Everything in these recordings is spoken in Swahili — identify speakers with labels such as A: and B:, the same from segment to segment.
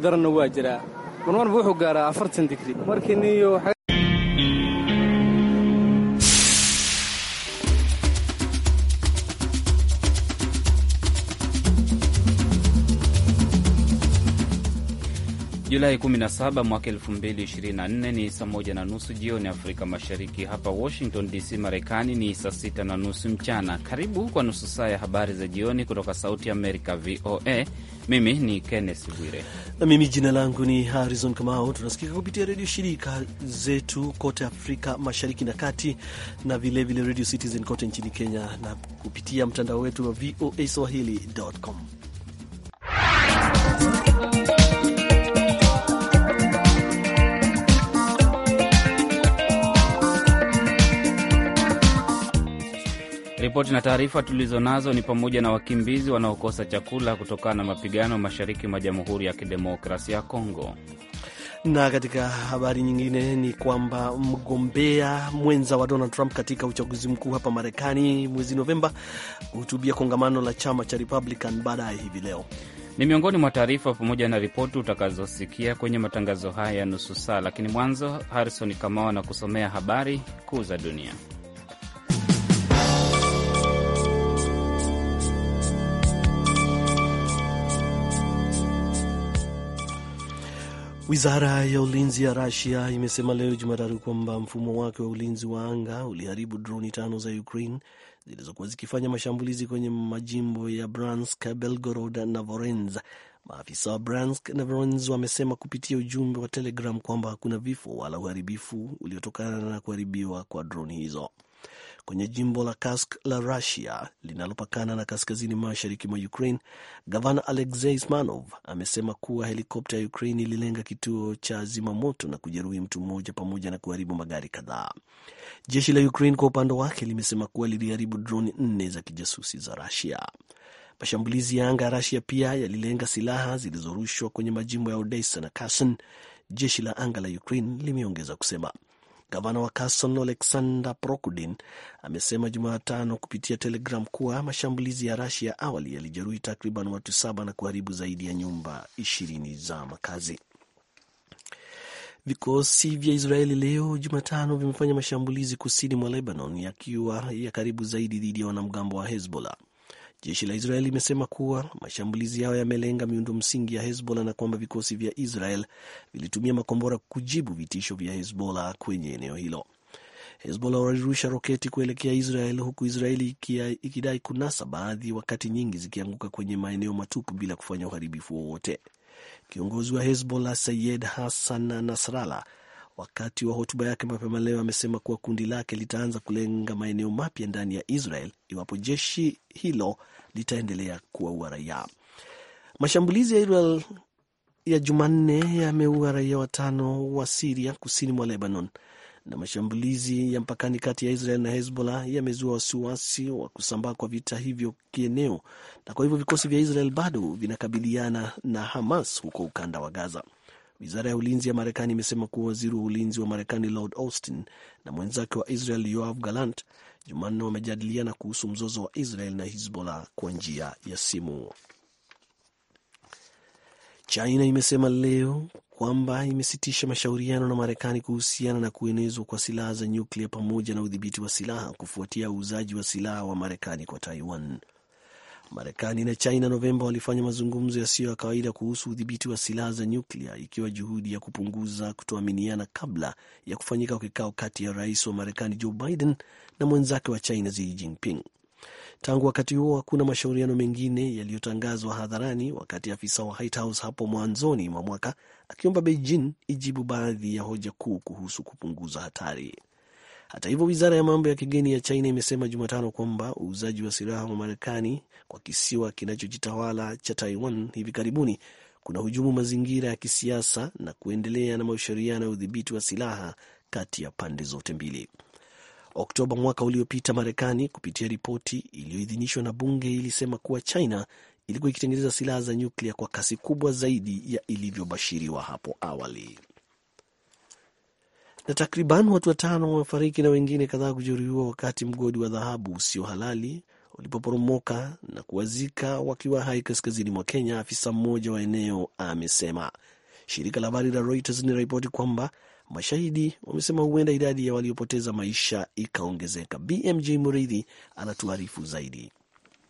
A: daranna waa jiraa marmarba wuxuu gaaraa afartan digri markii niyo
B: Julai 17 mwaka 2024 ni saa moja na nusu jioni Afrika Mashariki. Hapa Washington DC, Marekani ni saa sita na nusu mchana. Karibu kwa nusu saa ya habari za jioni kutoka Sauti Amerika, VOA. Mimi ni Kenneth Bwire na
C: mimi jina langu ni Harrison Kamau. Tunasikika kupitia redio shirika zetu kote Afrika Mashariki na Kati, na vilevile Radio Citizen kote nchini Kenya, na kupitia mtandao wetu wa voa swahili.com
B: Ripoti na taarifa tulizonazo ni pamoja na wakimbizi wanaokosa chakula kutokana na mapigano mashariki mwa Jamhuri ya Kidemokrasia ya Kongo.
C: Na katika habari nyingine ni kwamba mgombea mwenza wa Donald Trump katika uchaguzi mkuu hapa Marekani mwezi Novemba hutubia kongamano la chama cha Republican baadaye hivi leo.
B: Ni miongoni mwa taarifa pamoja na ripoti utakazosikia kwenye matangazo haya ya nusu saa, lakini mwanzo Harrison Kamau anakusomea habari kuu za dunia.
C: Wizara ya ulinzi ya Rusia imesema leo Jumatatu kwamba mfumo wake wa ulinzi wa anga uliharibu droni tano za Ukraine zilizokuwa zikifanya mashambulizi kwenye majimbo ya Bransk, Belgorod na Vorenz. Maafisa wa Bransk na Vorenz wamesema kupitia ujumbe wa Telegram kwamba hakuna vifo wala uharibifu uliotokana na kuharibiwa kwa droni hizo kwenye jimbo la Kursk la Russia linalopakana na kaskazini mashariki mwa Ukraine, gavana Alexei Smanov amesema kuwa helikopta ya Ukraine ililenga kituo cha zimamoto na kujeruhi mtu mmoja pamoja na kuharibu magari kadhaa. Jeshi la Ukraine kwa upande wake limesema kuwa liliharibu droni nne za kijasusi za Russia. Mashambulizi ya anga ya Russia pia yalilenga silaha zilizorushwa kwenye majimbo ya Odessa na Kherson, jeshi la anga la Ukraine limeongeza kusema. Gavana wa Carson Alexander Prokudin amesema Jumatano kupitia Telegram kuwa mashambulizi ya Rasia ya awali yalijeruhi takriban watu saba na kuharibu zaidi ya nyumba ishirini za makazi. Vikosi vya Israeli leo Jumatano vimefanya mashambulizi kusini mwa Lebanon, yakiwa ya karibu zaidi dhidi ya wanamgambo wa Hezbollah. Jeshi la Israel limesema kuwa mashambulizi yao yamelenga miundo msingi ya Hezbollah na kwamba vikosi vya Israel vilitumia makombora kujibu vitisho vya Hezbollah kwenye eneo hilo. Hezbollah walirusha roketi kuelekea Israel huku Israeli ikidai kunasa baadhi, wakati nyingi zikianguka kwenye maeneo matupu bila kufanya uharibifu wowote. Kiongozi wa Hezbollah Sayed Hassan Nasrallah Wakati wa hotuba yake mapema leo, amesema kuwa kundi lake litaanza kulenga maeneo mapya ndani ya Israel iwapo jeshi hilo litaendelea kuwaua raia. Mashambulizi ya Israel ya Jumanne yameua raia watano wa Siria kusini mwa Lebanon, na mashambulizi ya mpakani kati ya Israel na Hezbollah yamezua wasiwasi wa kusambaa kwa vita hivyo kieneo, na kwa hivyo vikosi vya Israel bado vinakabiliana na Hamas huko ukanda wa Gaza. Wizara ya ulinzi ya Marekani imesema kuwa waziri wa ulinzi wa Marekani Lord Austin na mwenzake wa Israel Yoav Gallant Jumanne wamejadiliana kuhusu mzozo wa Israel na hizbollah kwa njia ya simu. China imesema leo kwamba imesitisha mashauriano na Marekani kuhusiana na kuenezwa kwa silaha za nyuklia pamoja na udhibiti wa silaha kufuatia uuzaji wa silaha wa Marekani kwa Taiwan. Marekani na China Novemba walifanya mazungumzo yasiyo ya kawaida kuhusu udhibiti wa silaha za nyuklia, ikiwa juhudi ya kupunguza kutoaminiana kabla ya kufanyika kikao kati ya rais wa Marekani Joe Biden na mwenzake wa China Xi Jinping. Tangu wakati huo hakuna mashauriano mengine yaliyotangazwa hadharani, wakati afisa wa White House hapo mwanzoni mwa mwaka akiomba Beijing ijibu baadhi ya hoja kuu kuhusu kupunguza hatari. Hata hivyo, wizara ya mambo ya kigeni ya China imesema Jumatano kwamba uuzaji wa silaha wa Marekani kwa kisiwa kinachojitawala cha Taiwan hivi karibuni kuna hujumu mazingira ya kisiasa na kuendelea na mashauriano ya udhibiti wa silaha kati ya pande zote mbili. Oktoba mwaka uliopita, Marekani kupitia ripoti iliyoidhinishwa na bunge ilisema kuwa China ilikuwa ikitengeneza silaha za nyuklia kwa kasi kubwa zaidi ya ilivyobashiriwa hapo awali na takriban watu watano wamefariki na wengine kadhaa kujeruhiwa wakati mgodi wa dhahabu usio halali ulipoporomoka na kuwazika wakiwa hai kaskazini mwa Kenya, afisa mmoja wa eneo amesema. Shirika la habari la Reuters linaripoti kwamba mashahidi wamesema huenda idadi ya waliopoteza maisha ikaongezeka. BMJ Muridhi anatuarifu zaidi.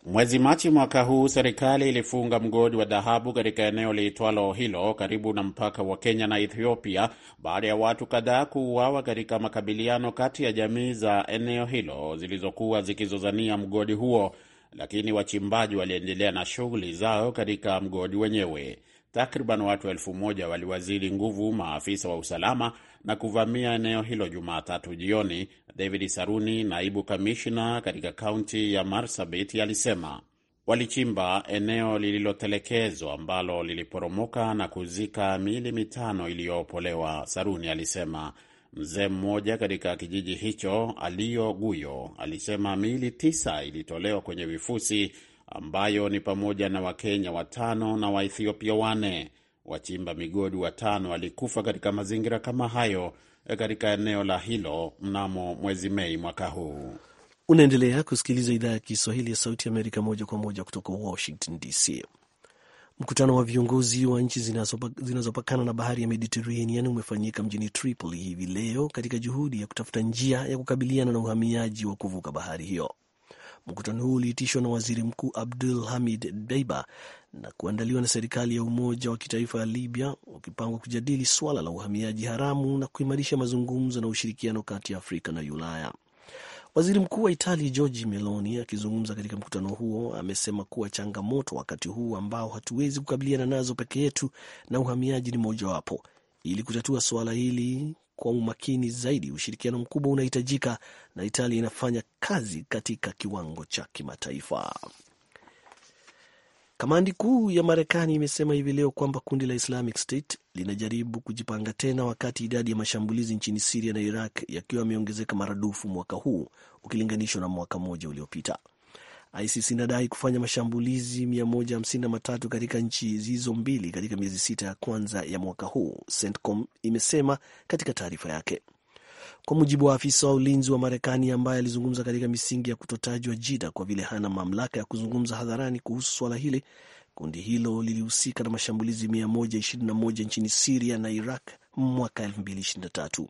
C: Mwezi Machi
D: mwaka huu serikali ilifunga mgodi wa dhahabu katika eneo liitwalo hilo karibu na mpaka wa Kenya na Ethiopia baada ya watu kadhaa kuuawa katika makabiliano kati ya jamii za eneo hilo zilizokuwa zikizozania mgodi huo, lakini wachimbaji waliendelea na shughuli zao katika mgodi wenyewe. Takriban watu elfu moja waliwazidi nguvu maafisa wa usalama na kuvamia eneo hilo Jumatatu jioni. David Saruni, naibu kamishna katika kaunti ya Marsabit, alisema walichimba eneo lililotelekezwa ambalo liliporomoka na kuzika miili mitano iliyoopolewa. Saruni alisema mzee mmoja katika kijiji hicho Alio Guyo alisema miili tisa ilitolewa kwenye vifusi ambayo ni pamoja na Wakenya watano na Waethiopia wane. Wachimba migodi watano walikufa katika mazingira kama hayo eh, katika eneo la hilo mnamo mwezi Mei mwaka huu.
C: Unaendelea kusikiliza idhaa ya Kiswahili ya Sauti Amerika moja kwa moja kutoka Washington DC. Mkutano wa viongozi wa nchi zinazopakana na bahari ya Mediterranean umefanyika mjini Tripoli hivi leo katika juhudi ya kutafuta njia ya kukabiliana na uhamiaji wa kuvuka bahari hiyo. Mkutano huu uliitishwa na waziri mkuu Abdul Hamid Deiba na kuandaliwa na serikali ya umoja wa kitaifa ya Libya, ukipangwa kujadili swala la uhamiaji haramu na kuimarisha mazungumzo na ushirikiano kati ya Afrika na Ulaya. Waziri mkuu wa itali georgi Meloni akizungumza katika mkutano huo amesema kuwa changamoto wakati huu ambao hatuwezi kukabiliana nazo peke yetu, na uhamiaji ni mojawapo. Ili kutatua suala hili, kwa umakini zaidi. Ushirikiano mkubwa unahitajika, na Italia inafanya kazi katika kiwango cha kimataifa. Kamandi kuu ya Marekani imesema hivi leo kwamba kundi la Islamic State linajaribu kujipanga tena, wakati idadi ya mashambulizi nchini Siria na Iraq yakiwa yameongezeka maradufu mwaka huu ukilinganishwa na mwaka mmoja uliopita. ISIS inadai kufanya mashambulizi 153 katika nchi hizo mbili katika miezi sita ya kwanza ya mwaka huu, CENTCOM imesema katika taarifa yake, kwa mujibu wa afisa wa ulinzi wa Marekani ambaye alizungumza katika misingi ya kutotajwa jida kwa vile hana mamlaka ya kuzungumza hadharani kuhusu swala hili. Kundi hilo lilihusika na mashambulizi 121 nchini Siria na Iraq mwaka 2023.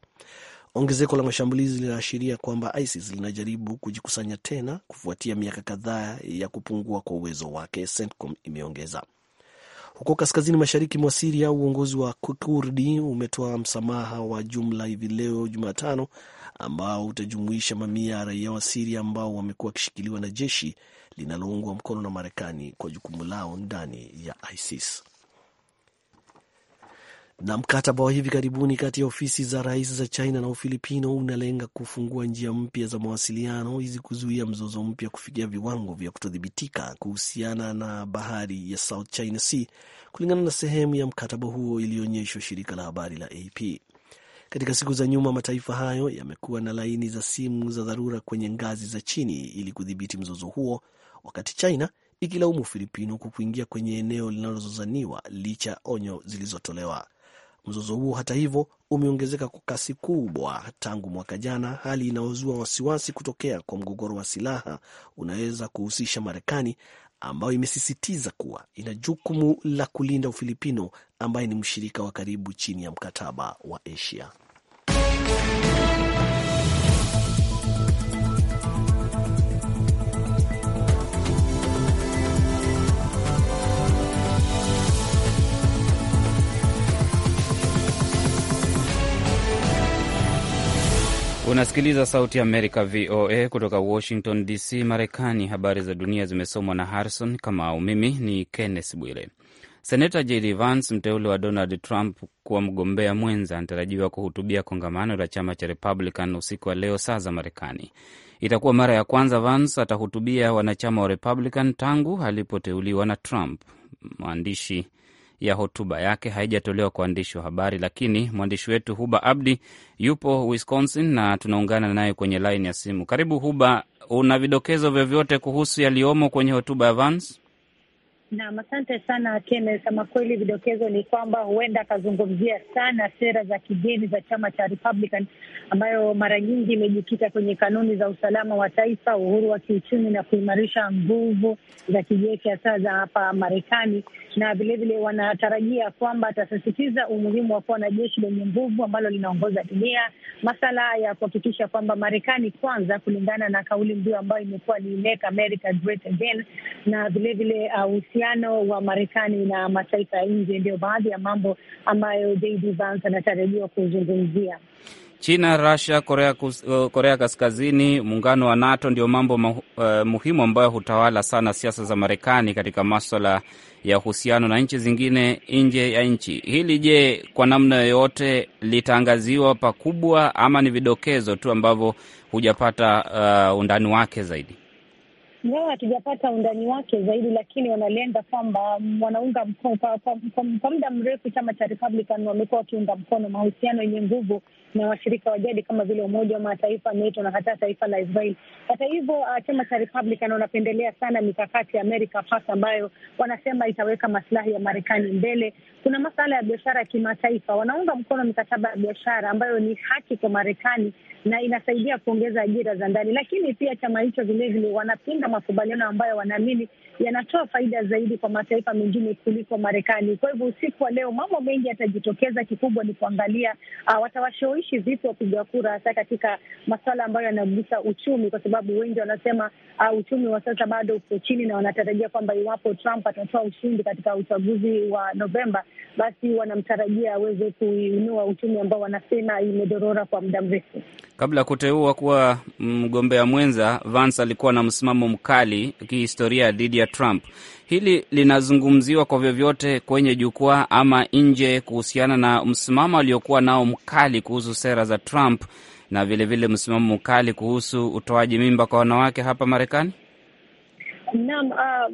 C: Ongezeko la mashambulizi linaashiria kwamba ISIS linajaribu kujikusanya tena kufuatia miaka kadhaa ya kupungua kwa uwezo wake, CENTCOM imeongeza. Huko kaskazini mashariki mwa Siria, uongozi wa Kurdi umetoa msamaha wa jumla hivi leo Jumatano, ambao utajumuisha mamia ya raia wa Siria ambao wamekuwa wakishikiliwa na jeshi linaloungwa mkono na Marekani kwa jukumu lao ndani ya ISIS. Na mkataba wa hivi karibuni kati ya ofisi za rais za China na Ufilipino unalenga kufungua njia mpya za mawasiliano ili kuzuia mzozo mpya kufikia viwango vya kutodhibitika kuhusiana na bahari ya South China Sea, kulingana na sehemu ya mkataba huo iliyoonyeshwa shirika la habari la AP. Katika siku za nyuma, mataifa hayo yamekuwa na laini za simu za dharura kwenye ngazi za chini ili kudhibiti mzozo huo, wakati China ikilaumu Ufilipino kwa kuingia kwenye eneo linalozozaniwa licha onyo zilizotolewa. Mzozo huo hata hivyo umeongezeka kwa kasi kubwa tangu mwaka jana, hali inayozua wasiwasi kutokea kwa mgogoro wa silaha unaweza kuhusisha Marekani ambayo imesisitiza kuwa ina jukumu la kulinda Ufilipino ambaye ni mshirika wa karibu chini ya mkataba wa Asia.
B: Unasikiliza sauti ya Amerika, VOA, kutoka Washington DC, Marekani. Habari za dunia zimesomwa na Harrison Kamau. Mimi ni Kenneth Bwire. Senata JD Vance, mteule wa Donald Trump kuwa mgombea mwenza, anatarajiwa kuhutubia kongamano la chama cha Republican usiku wa leo, saa za Marekani. Itakuwa mara ya kwanza Vance atahutubia wanachama wa Republican tangu alipoteuliwa na Trump. Mwandishi ya hotuba yake haijatolewa kwa waandishi wa habari, lakini mwandishi wetu Huba Abdi yupo Wisconsin na tunaungana naye kwenye laini ya simu. Karibu Huba, una vidokezo vyovyote kuhusu yaliyomo kwenye hotuba ya Vance?
E: Nam, asante sana Kenneth. Ama kweli vidokezo ni kwamba huenda akazungumzia sana sera za kigeni za chama cha Republican ambayo mara nyingi imejikita kwenye kanuni za usalama wa taifa, uhuru wa kiuchumi na kuimarisha nguvu za kijeshi hasa za hapa Marekani, na vilevile wanatarajia kwamba atasisitiza umuhimu wa kuwa na jeshi lenye nguvu ambalo linaongoza dunia, masala ya kuhakikisha kwamba Marekani kwanza, kulingana na kauli mbiu ambayo imekuwa ni Make America Great Again, na vilevile uh, uhusiano wa Marekani na mataifa ya nje, ndio baadhi ya mambo ambayo JD Vance anatarajiwa kuzungumzia.
B: China, Russia, Korea, uh, Korea Kaskazini, muungano wa NATO ndio mambo ma, uh, eh, muhimu ambayo hutawala sana siasa za Marekani katika maswala ya uhusiano na nchi zingine nje ya nchi. Hili je, kwa namna yoyote litaangaziwa pakubwa ama ni vidokezo tu ambavyo hujapata uh, undani wake zaidi?
E: ingawa hatujapata undani wake zaidi, lakini wanalenga kwamba wanaunga mkono kwa muda mrefu. Chama cha Republican wamekuwa wakiunga mkono mahusiano yenye nguvu na washirika wa jadi kama vile Umoja wa Mataifa, NATO na hata taifa la Israel. Hata hivyo, uh, chama cha Republican wanapendelea sana mikakati ya America First ambayo wanasema itaweka masilahi ya Marekani mbele. Kuna masala ya biashara ya kimataifa, wanaunga mkono mikataba ya biashara ambayo ni haki kwa Marekani na inasaidia kuongeza ajira za ndani. Lakini pia chama hicho vilevile wanapinga makubaliano ambayo wanaamini yanatoa faida zaidi kwa mataifa mengine kuliko Marekani. Kwa hivyo usiku wa leo mambo mengi yatajitokeza. Kikubwa ni kuangalia uh, watawashawishi vipi wapiga kura, hasa katika masuala ambayo yanagusa uchumi, kwa sababu wengi wanasema uh, uchumi wa sasa bado uko chini, na wanatarajia kwamba iwapo Trump atatoa ushindi katika uchaguzi wa Novemba, basi wanamtarajia aweze kuinua uchumi ambao wanasema imedorora kwa muda mrefu.
B: Kabla ya kuteua kuwa mgombea mwenza, Vance alikuwa na msimamo mkali kihistoria dhidi ya Trump. Hili linazungumziwa kwa vyovyote kwenye jukwaa ama nje, kuhusiana na msimamo aliokuwa nao mkali kuhusu sera za Trump na vilevile msimamo mkali kuhusu utoaji mimba kwa wanawake hapa Marekani.
E: Naam, uh,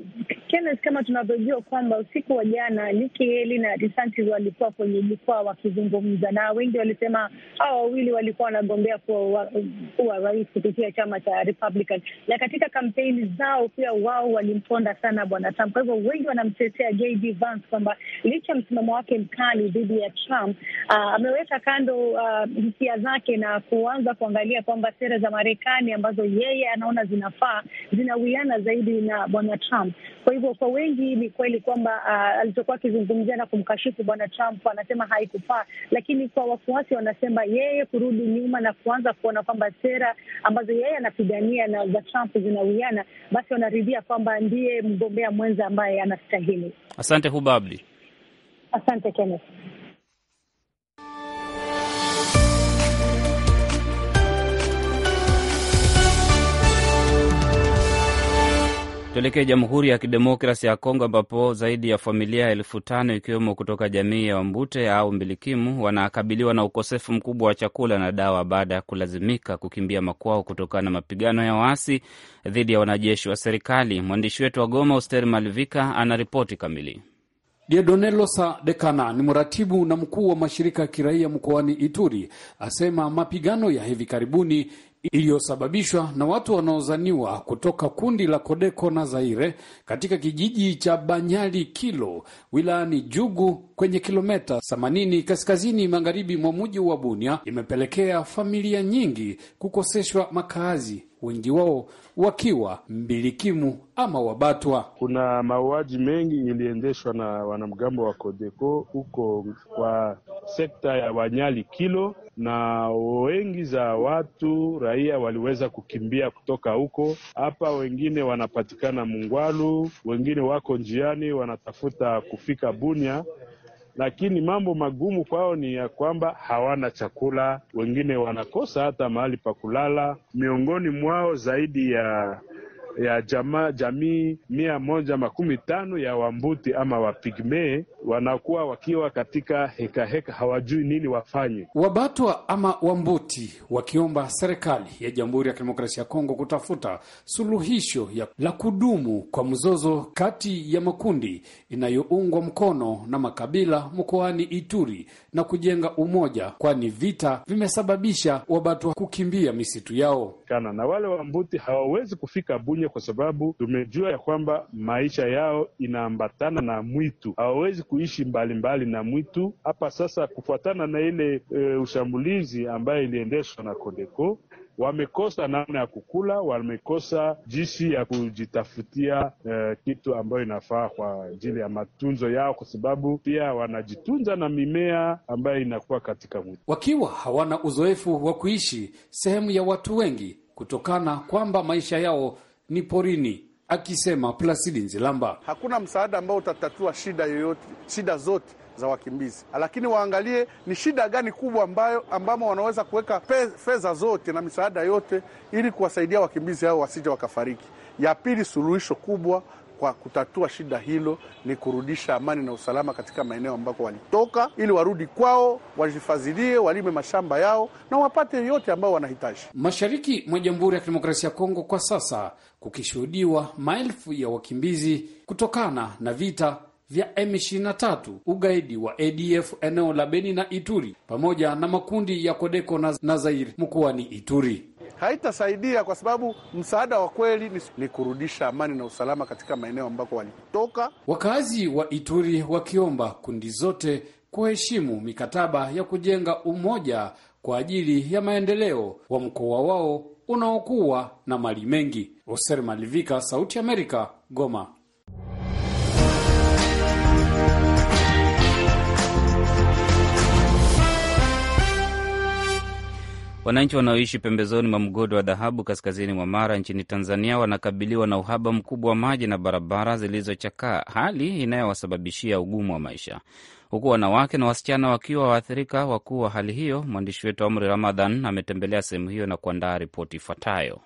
E: Kenneth, kama tunavyojua kwamba usiku wa jana Nikki Haley na DeSantis walikuwa kwenye jukwaa wakizungumza, na wengi walisema hawa wawili walikuwa wanagombea kuwa rais kupitia chama cha Republican, na katika kampeni zao pia wao walimponda sana bwana Trump. Kwa hivyo wengi wanamtetea JD Vance kwamba licha msimamo wake mkali dhidi ya Trump, uh, ameweka kando uh, hisia zake na kuanza kuangalia kwamba sera za Marekani ambazo yeye anaona zinafaa zinawiana zaidi bwana bwana Trump. Kwa hivyo kwa wengi ni kweli kwamba uh, alichokuwa akizungumzia na kumkashifu bwana Trump anasema haikufaa, lakini kwa wafuasi wanasema yeye kurudi nyuma na kuanza kuona kwamba sera ambazo yeye anapigania na za Trump zinawiana, basi wanaridhia kwamba ndiye mgombea mwenza ambaye anastahili.
B: Asante Hubabdi,
E: asante Kenneth.
B: Tuelekee Jamhuri ya Kidemokrasi ya Kongo ambapo zaidi ya familia elfu tano ikiwemo kutoka jamii ya Wambute au Mbilikimu wanakabiliwa na ukosefu mkubwa wa chakula na dawa baada ya kulazimika kukimbia makwao kutokana na mapigano ya waasi dhidi ya wanajeshi wa serikali. Mwandishi wetu wa Goma, Oster Malivika, ripoti kamili.
A: Diodone Dekana ni mratibu na mkuu wa mashirika ya kiraia mkoani Ituri, asema mapigano ya hivi karibuni iliyosababishwa na watu wanaozaniwa kutoka kundi la Kodeko na Zaire katika kijiji cha Banyali Kilo wilayani Jugu kwenye kilometa 80 kaskazini magharibi mwa mji wa Bunia imepelekea familia nyingi kukoseshwa
F: makazi wengi wao wakiwa mbilikimu ama Wabatwa. Kuna mauaji mengi iliendeshwa na wanamgambo wa Kodeko huko kwa sekta ya Wanyali Kilo, na wengi za watu raia waliweza kukimbia kutoka huko. Hapa wengine wanapatikana Mungwalu, wengine wako njiani wanatafuta kufika Bunia lakini mambo magumu kwao ni ya kwamba hawana chakula, wengine wanakosa hata mahali pa kulala. Miongoni mwao zaidi ya ya jama, jamii mia moja makumi tano ya Wambuti ama wapigme wanakuwa wakiwa katika hekaheka heka, hawajui nini wafanye. Wabatwa ama Wambuti wakiomba serikali
A: ya Jamhuri ya Kidemokrasia ya Kongo kutafuta suluhisho ya, la kudumu kwa mzozo kati ya makundi inayoungwa mkono na makabila mkoani Ituri
F: na kujenga umoja, kwani vita vimesababisha Wabatwa kukimbia misitu yao kana. Na wale mbuti hawawezi kufika Bunya kwa sababu tumejua ya kwamba maisha yao inaambatana na mwitu, hawawezi kuishi mbalimbali mbali na mwitu. Hapa sasa kufuatana na ile e, ushambulizi ambayo iliendeshwa na Kodeko wamekosa namna ya kukula, wamekosa jinsi ya kujitafutia eh, kitu ambayo inafaa kwa ajili ya matunzo yao, kwa sababu pia wanajitunza na mimea ambayo inakuwa katika mwili, wakiwa hawana uzoefu wa kuishi sehemu ya watu
A: wengi, kutokana kwamba maisha yao ni porini. Akisema Plasidi Nzilamba,
D: hakuna msaada ambao utatatua shida yoyote, shida zote za wakimbizi, lakini waangalie ni shida gani kubwa ambayo ambamo wanaweza kuweka fedha zote na misaada yote ili kuwasaidia wakimbizi hao wasije wakafariki. Ya pili, suluhisho kubwa kwa kutatua shida hilo ni kurudisha amani na usalama katika maeneo ambako walitoka, ili warudi
A: kwao, wajifadhilie, walime mashamba yao na wapate yote ambayo wanahitaji. Mashariki mwa Jamhuri ya Kidemokrasia ya Kongo kwa sasa kukishuhudiwa maelfu ya wakimbizi kutokana na vita vya M23, ugaidi wa ADF eneo la Beni na Ituri, pamoja na makundi ya Kodeko na, na Zairi mkoani Ituri
D: haitasaidia kwa sababu msaada wa kweli ni kurudisha amani na usalama katika maeneo ambako
A: walitoka. Wakazi wa Ituri wakiomba kundi zote kuheshimu mikataba ya kujenga umoja kwa ajili ya maendeleo wa mkoa wao unaokuwa na mali mengi. Oser Malivika, Sauti Amerika, Goma.
B: Wananchi wanaoishi pembezoni mwa mgodi wa dhahabu kaskazini mwa Mara nchini Tanzania wanakabiliwa na uhaba mkubwa wa maji na barabara zilizochakaa, hali inayowasababishia ugumu wa maisha, huku wanawake na wasichana wakiwa waathirika wakuu wa hali hiyo. Mwandishi wetu Amri Ramadhan ametembelea sehemu hiyo na kuandaa ripoti ifuatayo.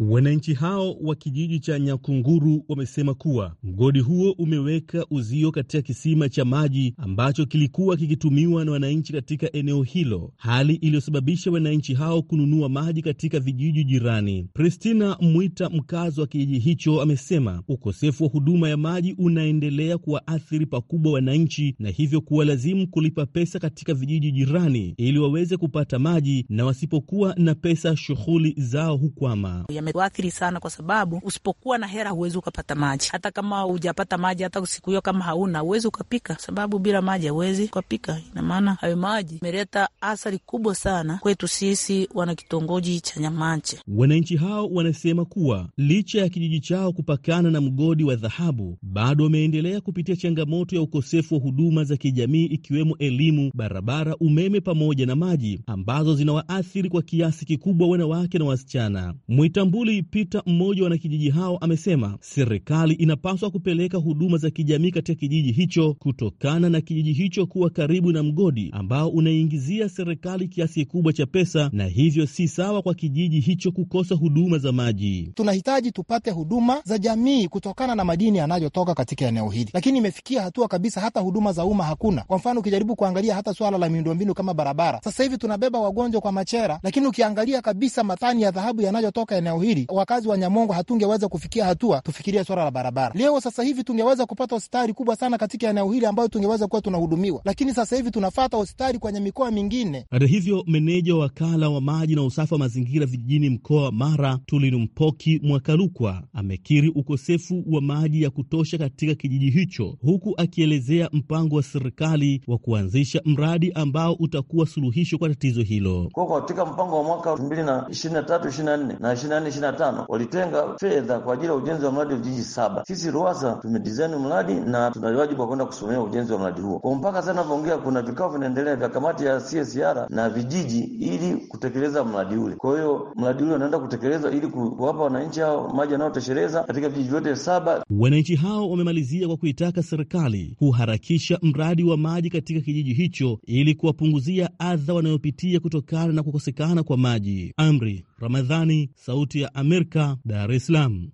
G: Wananchi hao wa kijiji cha Nyakunguru wamesema kuwa mgodi huo umeweka uzio katika kisima cha maji ambacho kilikuwa kikitumiwa na wananchi katika eneo hilo, hali iliyosababisha wananchi hao kununua maji katika vijiji jirani. Pristina Mwita, mkazi wa kijiji hicho, amesema ukosefu wa huduma ya maji unaendelea kuwaathiri pakubwa wananchi na hivyo kuwalazimu kulipa pesa katika vijiji jirani ili waweze kupata maji, na wasipokuwa na pesa shughuli zao hukwama
H: yametuathiri sana, kwa sababu usipokuwa na hera huwezi ukapata maji. Hata kama hujapata maji, hata siku hiyo kama hauna huwezi ukapika, sababu bila maji hauwezi ukapika. Ina maana hayo maji imeleta athari kubwa sana kwetu sisi wana kitongoji cha Nyamanche.
G: Wananchi hao wanasema kuwa licha ya kijiji chao kupakana na mgodi wa dhahabu, bado wameendelea kupitia changamoto ya ukosefu wa huduma za kijamii ikiwemo elimu, barabara, umeme pamoja na maji ambazo zinawaathiri kwa kiasi kikubwa wanawake na wasichana Mwitambu Magufuli, Peter, mmoja wa wanakijiji hao, amesema serikali inapaswa kupeleka huduma za kijamii katika kijiji hicho kutokana na kijiji hicho kuwa karibu na mgodi ambao unaingizia serikali kiasi kikubwa cha pesa, na hivyo si sawa kwa kijiji hicho kukosa huduma za maji.
I: Tunahitaji tupate huduma za jamii kutokana na madini yanayotoka katika eneo hili, lakini imefikia hatua kabisa hata huduma za umma hakuna. Kwa mfano, ukijaribu kuangalia hata swala la miundombinu kama barabara, sasa hivi tunabeba wagonjwa kwa machera, lakini ukiangalia kabisa matani ya dhahabu yanayotoka eneo hili hili, wakazi wa Nyamongo hatungeweza kufikia hatua tufikirie swala la barabara. Leo sasa hivi tungeweza kupata hospitali kubwa sana katika eneo hili ambayo tungeweza kuwa tunahudumiwa, lakini sasa hivi tunafata hospitali kwenye mikoa mingine.
G: Hata hivyo, meneja wa wakala wa maji na usafi wa mazingira vijijini mkoa wa Mara Tulinumpoki Mwakalukwa amekiri ukosefu wa maji ya kutosha katika kijiji hicho, huku akielezea mpango wa serikali wa kuanzisha mradi ambao utakuwa suluhisho kwa tatizo hilo.
C: Kwa katika mpango wa mwaka 2023 na ishirini na tano walitenga fedha kwa ajili ya ujenzi wa mradi wa vijiji saba. Sisi RUWASA tumedizaini mradi na tunawajibu wa kwenda kusimamia ujenzi wa mradi huo. Kwa mpaka sasa navyoongea, kuna vikao vinaendelea vya kamati ya CSR na vijiji ili kutekeleza mradi ule. Kwa hiyo mradi ule unaenda kutekelezwa ili kuwapa wananchi hao maji yanayotosheleza katika vijiji vyote saba.
G: Wananchi hao wamemalizia kwa kuitaka serikali kuharakisha mradi wa maji katika kijiji hicho ili kuwapunguzia adha wanayopitia kutokana na kukosekana kwa maji. Amri Ramadhani, Sauti ya Amerika, Dar es Salaam.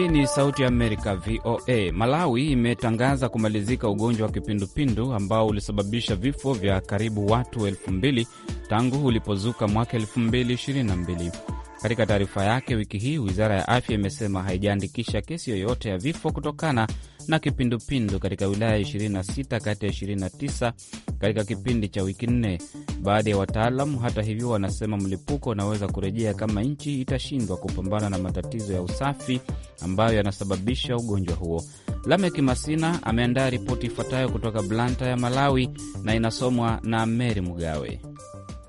B: Hii ni Sauti ya Amerika, VOA. Malawi imetangaza kumalizika ugonjwa wa kipindupindu ambao ulisababisha vifo vya karibu watu elfu mbili tangu ulipozuka mwaka elfu mbili ishirini na mbili. Katika taarifa yake wiki hii, wizara ya afya imesema haijaandikisha kesi yoyote ya vifo kutokana na kipindupindu katika wilaya 26 kati ya 29 katika kipindi cha wiki nne. Baadhi ya wataalamu, hata hivyo, wanasema mlipuko unaweza kurejea kama nchi itashindwa kupambana na matatizo ya usafi ambayo yanasababisha ugonjwa huo. Lamek Masina ameandaa ripoti ifuatayo kutoka Blanta ya Malawi na inasomwa na Meri Mugawe.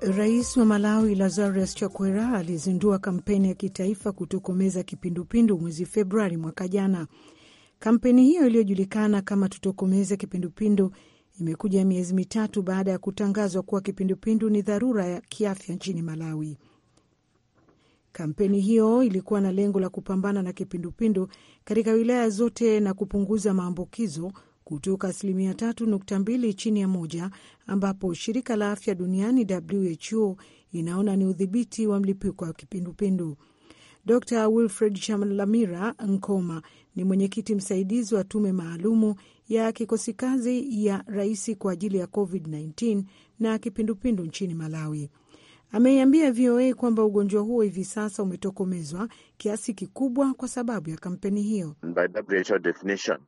H: Rais wa Malawi Lazarus Chakwera alizindua kampeni ya kitaifa kutokomeza kipindupindu mwezi Februari mwaka jana. Kampeni hiyo iliyojulikana kama tutokomeze kipindupindu imekuja miezi mitatu baada ya kutangazwa kuwa kipindupindu ni dharura ya kiafya nchini Malawi. Kampeni hiyo ilikuwa na lengo la kupambana na kipindupindu katika wilaya zote na kupunguza maambukizo kutoka asilimia 3.2 chini ya moja, ambapo shirika la afya duniani WHO inaona ni udhibiti wa mlipuko wa kipindupindu. Dr Wilfred chalamira Nkoma ni mwenyekiti msaidizi wa tume maalumu ya kikosi kazi ya rais kwa ajili ya COVID-19 na kipindupindu nchini Malawi. Ameiambia VOA kwamba ugonjwa huo hivi sasa umetokomezwa kiasi kikubwa kwa sababu ya kampeni hiyo.
D: By WHO definition,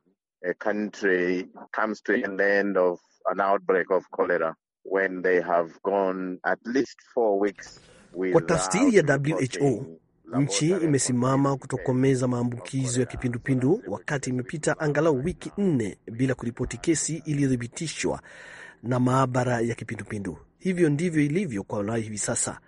D: a country comes to an end of an outbreak of cholera when they have gone at least four weeks. Kwa tafsiri ya WHO,
C: nchi imesimama kutokomeza maambukizo ya kipindupindu wakati imepita angalau wiki nne bila kuripoti kesi iliyothibitishwa na maabara ya kipindupindu. Hivyo ndivyo ilivyo kwa Ulaya hivi sasa.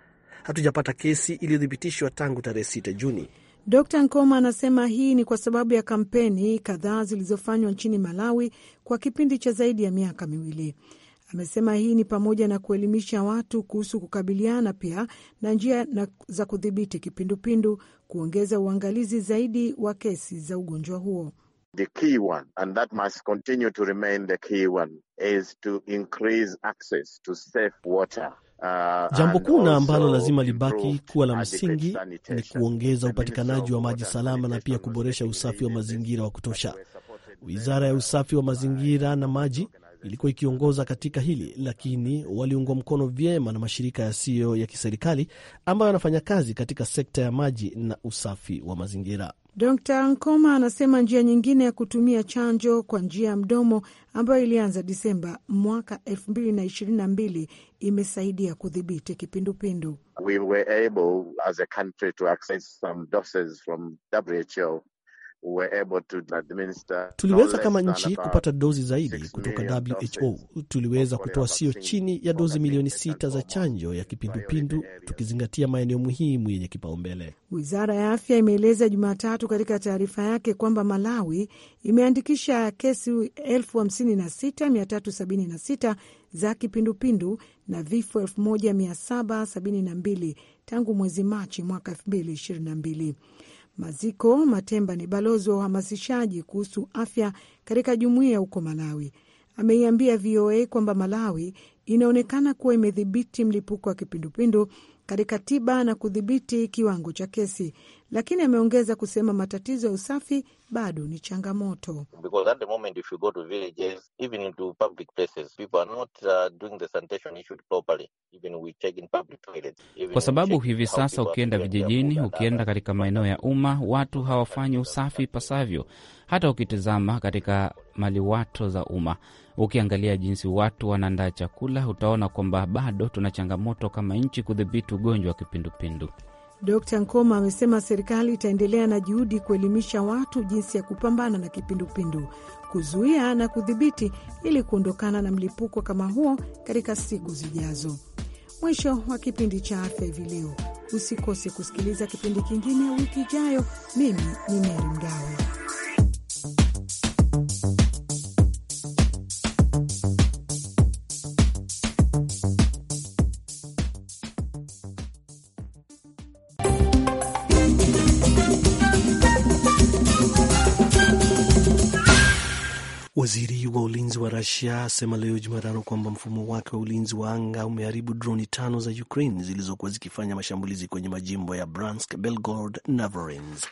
C: Hatujapata kesi iliyothibitishwa tangu tarehe 6 Juni.
H: Dr Nkoma anasema hii ni kwa sababu ya kampeni kadhaa zilizofanywa nchini Malawi kwa kipindi cha zaidi ya miaka miwili. Amesema hii ni pamoja na kuelimisha watu kuhusu kukabiliana pia na njia na za kudhibiti kipindupindu, kuongeza uangalizi zaidi wa kesi za ugonjwa huo.
D: The key one, and that must continue to remain the key one, is to increase access to safe water. Uh,
C: Jambo kuu na ambalo lazima libaki kuwa la msingi ni kuongeza upatikanaji wa maji salama na pia kuboresha usafi wa mazingira wa kutosha. Wizara ya usafi wa mazingira na maji ilikuwa ikiongoza katika hili, lakini waliungwa mkono vyema na mashirika yasiyo ya kiserikali ambayo yanafanya kazi katika sekta ya maji na usafi wa mazingira.
H: Dr Nkoma anasema njia nyingine ya kutumia chanjo kwa njia ya mdomo ambayo ilianza Disemba mwaka elfu mbili na ishirini na mbili imesaidia kudhibiti kipindupindu.
D: We were able as a country to access some doses from WHO Tuliweza kama nchi
H: kupata dozi
C: zaidi kutoka WHO. Tuliweza kutoa sio chini ya dozi milioni sita za chanjo ya kipindupindu, tukizingatia maeneo muhimu yenye kipaumbele.
H: Wizara ya afya imeeleza Jumatatu katika taarifa yake kwamba Malawi imeandikisha kesi 56376 za kipindupindu na vifo 1772 tangu mwezi Machi mwaka 2022. Maziko Matemba ni balozi wa uhamasishaji kuhusu afya katika jumuiya huko Malawi. Ameiambia VOA kwamba Malawi inaonekana kuwa imedhibiti mlipuko wa kipindupindu katika tiba na kudhibiti kiwango cha kesi, lakini ameongeza kusema matatizo ya usafi bado ni changamoto.
D: Uh,
B: Kwa sababu hivi sasa ukienda vijijini, ukienda katika maeneo ya umma, watu hawafanyi usafi ipasavyo. Hata ukitizama katika maliwato za umma, ukiangalia jinsi watu wanaandaa chakula, utaona kwamba bado tuna changamoto kama nchi kudhibiti ugonjwa wa kipindupindu.
H: Dkt Nkoma amesema serikali itaendelea na juhudi kuelimisha watu jinsi ya kupambana na kipindupindu, kuzuia na kudhibiti ili kuondokana na mlipuko kama huo katika siku zijazo. Mwisho wa kipindi cha afya hivi leo. Usikose kusikiliza kipindi kingine wiki ijayo. Mimi ni Meri Mgawe.
C: wa ulinzi wa Rusia asema leo Jumatano kwamba mfumo wake wa ulinzi wa anga umeharibu droni tano za Ukraine zilizokuwa zikifanya mashambulizi kwenye majimbo ya Bransk, Belgorod na Vorens.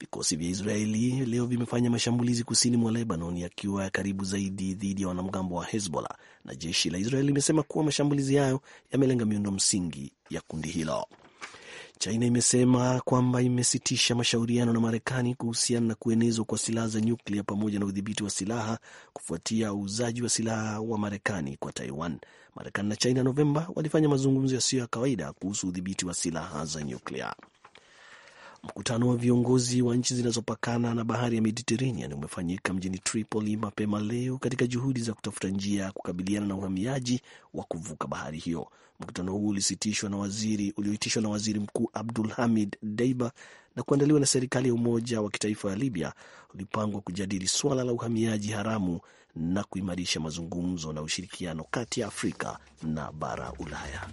C: Vikosi vya Israeli leo vimefanya mashambulizi kusini mwa Lebanon, yakiwa ya karibu zaidi dhidi ya wanamgambo wa Hezbollah, na jeshi la Israeli limesema kuwa mashambulizi hayo yamelenga miundo msingi ya kundi hilo. China imesema kwamba imesitisha mashauriano na Marekani kuhusiana na kuenezwa kwa silaha za nyuklia pamoja na udhibiti wa silaha kufuatia uuzaji wa silaha wa Marekani kwa Taiwan. Marekani na China Novemba walifanya mazungumzo yasiyo ya kawaida kuhusu udhibiti wa silaha za nyuklia. Mkutano wa viongozi wa nchi zinazopakana na bahari ya Mediterranean umefanyika mjini Tripoli mapema leo katika juhudi za kutafuta njia ya kukabiliana na uhamiaji wa kuvuka bahari hiyo. Mkutano huu ulisitishwa na waziri ulioitishwa na waziri mkuu Abdul Hamid Deiba na kuandaliwa na serikali ya umoja wa kitaifa ya Libya ulipangwa kujadili swala la uhamiaji haramu na kuimarisha mazungumzo na ushirikiano kati ya Afrika na bara Ulaya.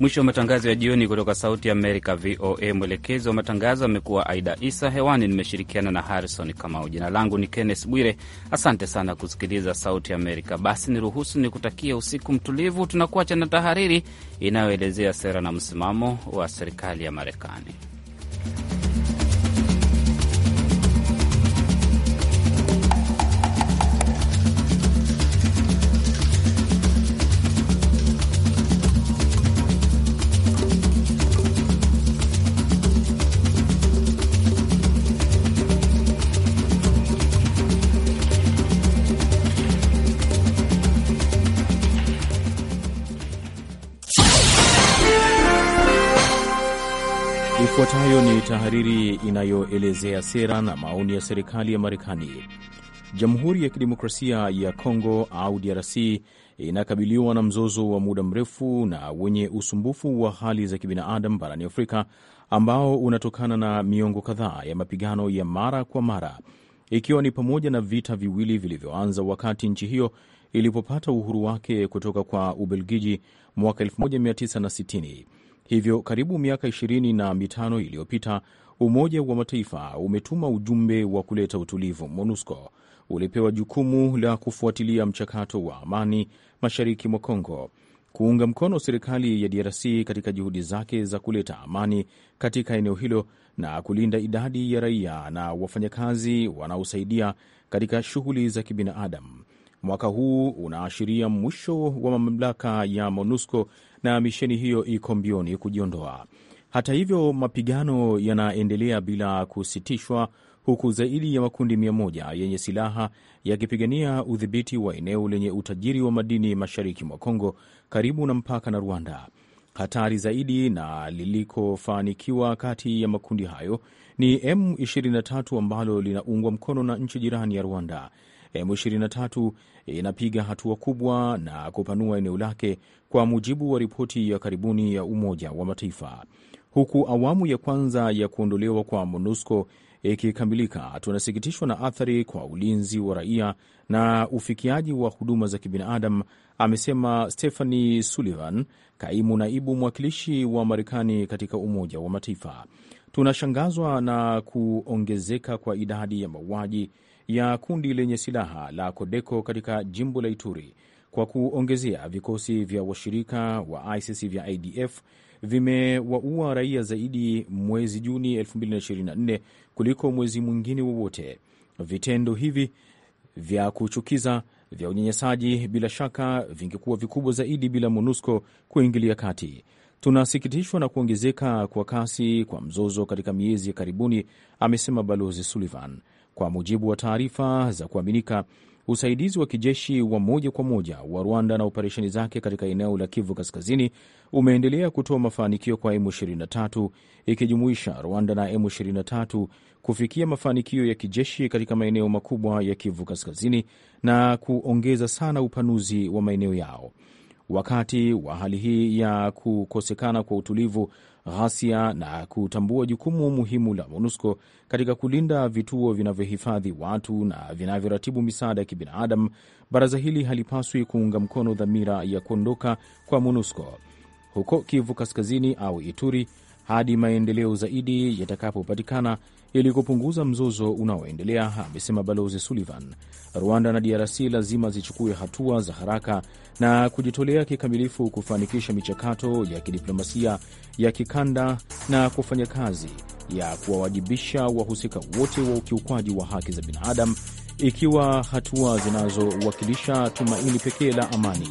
B: Mwisho wa matangazo ya jioni kutoka Sauti Amerika, VOA. Mwelekezi wa matangazo amekuwa Aida Isa. Hewani nimeshirikiana na Harrison Kamau. Jina langu ni Kenneth Bwire. Asante sana kusikiliza Sauti Amerika. Basi niruhusu nikutakie usiku mtulivu. Tunakuacha na tahariri inayoelezea sera na msimamo wa serikali ya Marekani.
I: tahariri inayoelezea sera na maoni ya serikali ya Marekani. Jamhuri ya Kidemokrasia ya Kongo au DRC inakabiliwa na mzozo wa muda mrefu na wenye usumbufu wa hali za kibinadamu barani Afrika ambao unatokana na miongo kadhaa ya mapigano ya mara kwa mara ikiwa ni pamoja na vita viwili vilivyoanza wakati nchi hiyo ilipopata uhuru wake kutoka kwa Ubelgiji mwaka 1960. Hivyo karibu miaka ishirini na mitano iliyopita Umoja wa Mataifa umetuma ujumbe wa kuleta utulivu. MONUSCO ulipewa jukumu la kufuatilia mchakato wa amani mashariki mwa Kongo, kuunga mkono serikali ya DRC katika juhudi zake za kuleta amani katika eneo hilo na kulinda idadi ya raia na wafanyakazi wanaosaidia katika shughuli za kibinadamu. Mwaka huu unaashiria mwisho wa mamlaka ya MONUSCO na misheni hiyo iko mbioni kujiondoa. Hata hivyo, mapigano yanaendelea bila kusitishwa huku zaidi ya makundi mia moja yenye silaha yakipigania udhibiti wa eneo lenye utajiri wa madini mashariki mwa Kongo karibu na mpaka na Rwanda. Hatari zaidi na lilikofanikiwa kati ya makundi hayo ni M23 ambalo linaungwa mkono na nchi jirani ya Rwanda. M23 inapiga hatua kubwa na kupanua eneo lake kwa mujibu wa ripoti ya karibuni ya Umoja wa Mataifa. Huku awamu ya kwanza ya kuondolewa kwa MONUSCO ikikamilika, tunasikitishwa na athari kwa ulinzi wa raia na ufikiaji wa huduma za kibinadamu, amesema Stephanie Sullivan, kaimu naibu mwakilishi wa Marekani katika Umoja wa Mataifa. Tunashangazwa na kuongezeka kwa idadi ya mauaji ya kundi lenye silaha la Kodeko katika jimbo la Ituri kwa kuongezea, vikosi vya washirika wa ISIS vya adf vimewaua raia zaidi mwezi Juni 2024 kuliko mwezi mwingine wowote. Vitendo hivi vya kuchukiza vya unyanyasaji bila shaka vingekuwa vikubwa zaidi bila MONUSCO kuingilia kati. Tunasikitishwa na kuongezeka kwa kasi kwa mzozo katika miezi ya karibuni, amesema Balozi Sullivan. Kwa mujibu wa taarifa za kuaminika, Usaidizi wa kijeshi wa moja kwa moja wa Rwanda na operesheni zake katika eneo la Kivu Kaskazini umeendelea kutoa mafanikio kwa M23 ikijumuisha Rwanda na M23 kufikia mafanikio ya kijeshi katika maeneo makubwa ya Kivu Kaskazini na kuongeza sana upanuzi wa maeneo yao. Wakati wa hali hii ya kukosekana kwa utulivu, ghasia na kutambua jukumu muhimu la MONUSCO katika kulinda vituo vinavyohifadhi watu na vinavyoratibu misaada ya kibinadamu, baraza hili halipaswi kuunga mkono dhamira ya kuondoka kwa MONUSCO huko Kivu Kaskazini au Ituri hadi maendeleo zaidi yatakapopatikana ili kupunguza mzozo unaoendelea, amesema Balozi Sullivan. Rwanda na DRC lazima zichukue hatua za haraka na kujitolea kikamilifu kufanikisha michakato ya kidiplomasia ya kikanda na kufanya kazi ya kuwawajibisha wahusika wote wa ukiukwaji wa haki za binadamu, ikiwa hatua zinazowakilisha tumaini pekee la amani.